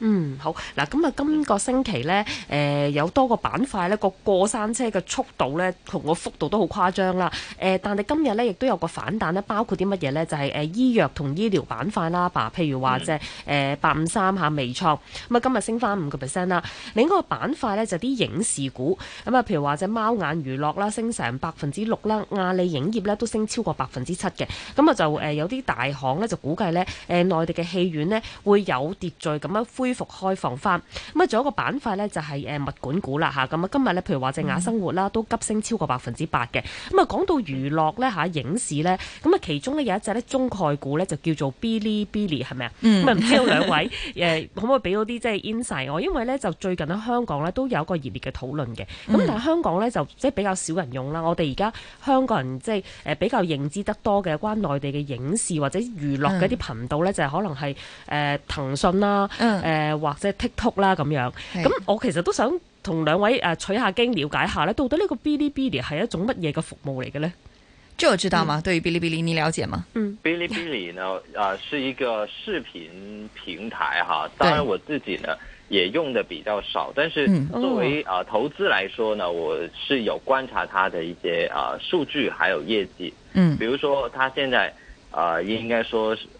嗯，好嗱，咁啊，今個星期咧，誒、呃，有多個板塊咧，個過山車嘅速度咧，同個幅度都好誇張啦。誒、呃，但係今日咧，亦都有個反彈咧，包括啲乜嘢咧？就係、是、誒醫藥同醫療板塊啦，吧，譬如話即係誒八五三下微創，咁啊今日升翻五個 percent 啦。另一個板塊咧就啲影視股，咁啊譬如話隻貓眼娛樂啦，升成百分之六啦，阿里影業咧都升超過百分之七嘅。咁啊就誒有啲大行咧就估計咧，誒內地嘅戲院咧會有秩序咁樣恢復開放翻。咁啊，仲有一個板塊咧，就係誒物管股啦嚇。咁啊，今日咧，譬如話隻雅生活啦，都急升超過百分之八嘅。咁啊，講到娛樂咧嚇，影視咧，咁啊，其中咧有一隻咧中概股咧，就叫做 Bilibili 係咪啊？咁啊，唔知有兩位誒， 可唔可以俾到啲即係 insight 我？因為咧，就最近喺香港咧都有一個熱烈嘅討論嘅。咁但係香港咧就即係比較少人用啦。我哋而家香港人即係誒比較認知得多嘅關內地嘅影視或者娛樂嘅一啲頻道咧，嗯、就係可能係誒、呃、騰訊啦，誒、呃。嗯誒，或者 TikTok 啦咁樣，咁我其實都想同兩位誒、啊、取下經，了解下咧，到底呢個嗶哩嗶哩係一種乜嘢嘅服務嚟嘅呢這我知道嗎、嗯？對於嗶哩嗶哩你了解嗎？嗯，嗶哩嗶哩呢，啊、嗯，是一個視頻平台哈。當然我自己呢，也用得比較少，但是作為、嗯、啊投資來說呢，我是有觀察它的一些啊數據，還有業績。嗯，比如說，它現在啊，應該說。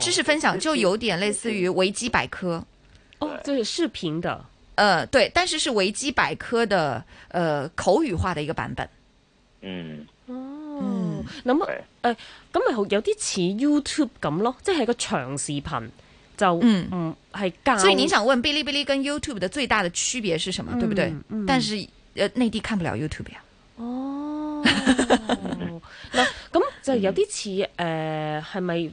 知識分享就有點類似於維基百科，哦，這、就是視頻的，呃，對，但是是維基百科的，呃，口語化的一個版本，嗯，哦，嗯、那麼誒，咁、呃、咪有啲似 YouTube 咁咯，即係個長視頻就嗯係、嗯、所以你想問嗶哩嗶哩跟 YouTube 的最大的區別是什麼、嗯，對不對？嗯、但是，誒、呃，內地看不了 YouTube 呀、啊。哦，嗱， 咁就有啲似誒，係、嗯、咪？呃是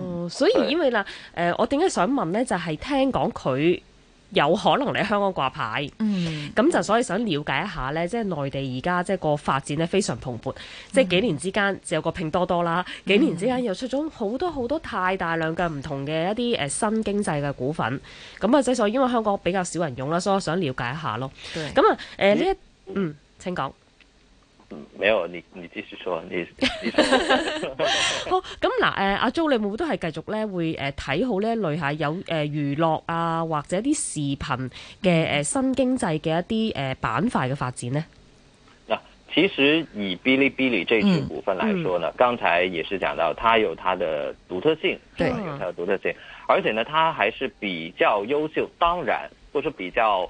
所以因為啦，誒、呃，我點解想問呢，就係、是、聽講佢有可能嚟香港掛牌，咁、嗯、就所以想了解一下呢，即係內地而家即係個發展咧非常蓬勃，嗯、即係幾年之間就有個拼多多啦，幾年之間又出咗好多好多太大量嘅唔同嘅一啲誒新經濟嘅股份。咁啊，即係所以因為香港比較少人用啦，所以我想了解一下咯。咁啊，誒、呃、呢一嗯，請講。沒有，你你繼續說錯，你你繼續說。 好，咁、嗯、嗱，誒、啊，阿 Jo，你會唔會都係繼續咧，會誒睇、呃、好呢一類吓，下有誒、呃、娛樂啊，或者啲視頻嘅誒、呃、新經濟嘅一啲誒板塊嘅發展咧？嗱、嗯，其、嗯、實以嗶哩嗶哩這支股份來說呢、嗯嗯，剛才也是講到，它有它的獨特性，對、啊，它有它的獨特性，而且呢，它還是比較優秀，當然或者比較。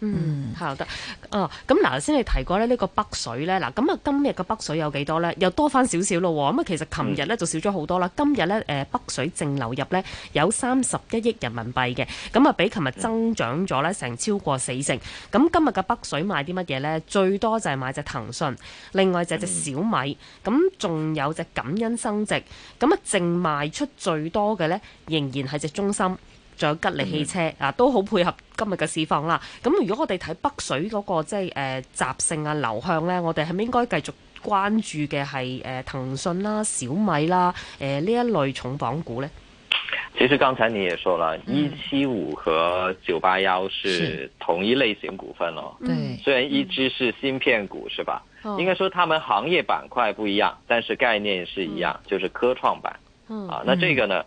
嗯，係、嗯、得，哦、嗯，咁嗱頭先你提過咧，呢個北水呢。嗱，咁啊今日嘅北水有幾多呢？又多翻少少咯，咁啊其實琴日呢就少咗好多啦。今日呢，誒北水淨流入呢，有三十一億人民幣嘅，咁啊比琴日增長咗呢，成超過四成。咁今日嘅北水買啲乜嘢呢？最多就係買隻騰訊，另外就係隻小米，咁仲有隻感恩生殖。咁啊淨賣出最多嘅呢，仍然係隻中芯。仲有吉利汽車啊，都好配合今日嘅市況啦。咁如果我哋睇北水嗰、那個即係誒趨勢啊流向咧，我哋係咪應該繼續關注嘅係誒騰訊啦、小米啦誒呢、呃、一類重磅股咧？其實剛才你也説啦，一七五和九八幺是同一類型股份咯。對，雖然一支是芯片股，是吧？嗯、應該說，他們行業板塊不一樣、哦，但是概念是一樣，嗯、就是科創板、嗯。啊，那這個呢？嗯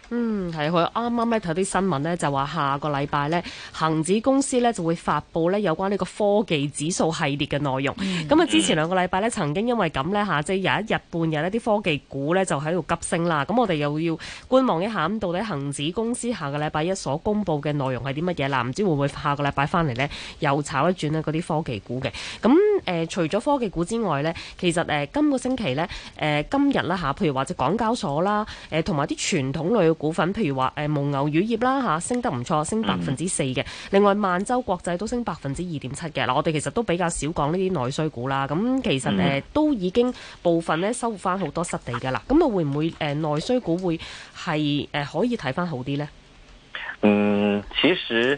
嗯，係，佢啱啱咧睇啲新聞呢，就話下個禮拜呢，恒指公司呢就會發布呢有關呢個科技指數系列嘅內容。咁、嗯、啊，之前兩個禮拜呢，曾經因為咁呢，嚇，即係有一日半日呢啲科技股呢就喺度急升啦。咁我哋又要觀望一下，咁到底恒指公司下個禮拜一所公佈嘅內容係啲乜嘢啦？唔知會唔會下個禮拜翻嚟呢，又炒一轉呢嗰啲科技股嘅咁。誒除咗科技股之外呢，其實誒今個星期呢，誒今日啦嚇，譬如話隻港交所啦，誒同埋啲傳統類嘅股份，譬如話誒蒙牛乳業啦嚇，升得唔錯，升百分之四嘅。嗯、另外萬洲國際都升百分之二點七嘅。嗱，我哋其實都比較少講呢啲內需股啦。咁其實誒都已經部分咧收翻好多失地嘅啦。咁啊會唔會誒內需股會係誒可以睇翻好啲呢？嗯，其實。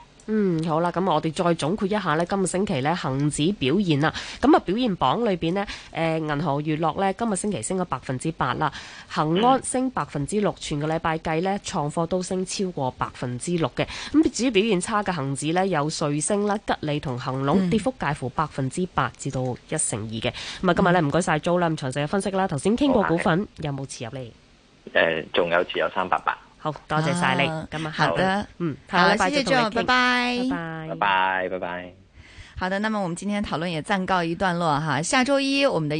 嗯，好啦，咁我哋再總括一下呢今個星期呢，恒指表現啦，咁啊表現榜裏邊呢，誒，銀河娛樂呢今個星期升咗百分之八啦，恒安升百分之六，全個禮拜計呢，創科都升超過百分之六嘅。咁至於表現差嘅恒指呢，有瑞星啦、吉利同恒隆，跌幅介乎百分之八至到一成二嘅。咁啊，今日呢，唔該晒 Joe 啦，咁詳細嘅分析啦，頭先傾過股份有冇持有嚟？誒、呃，仲有持有三百八。好多謝晒你，啊好，好的，嗯，好，謝謝拜拜，拜，拜，拜拜，拜拜，拜拜，好的，那麼我們今天討論也暫告一段落哈，下周一我們的。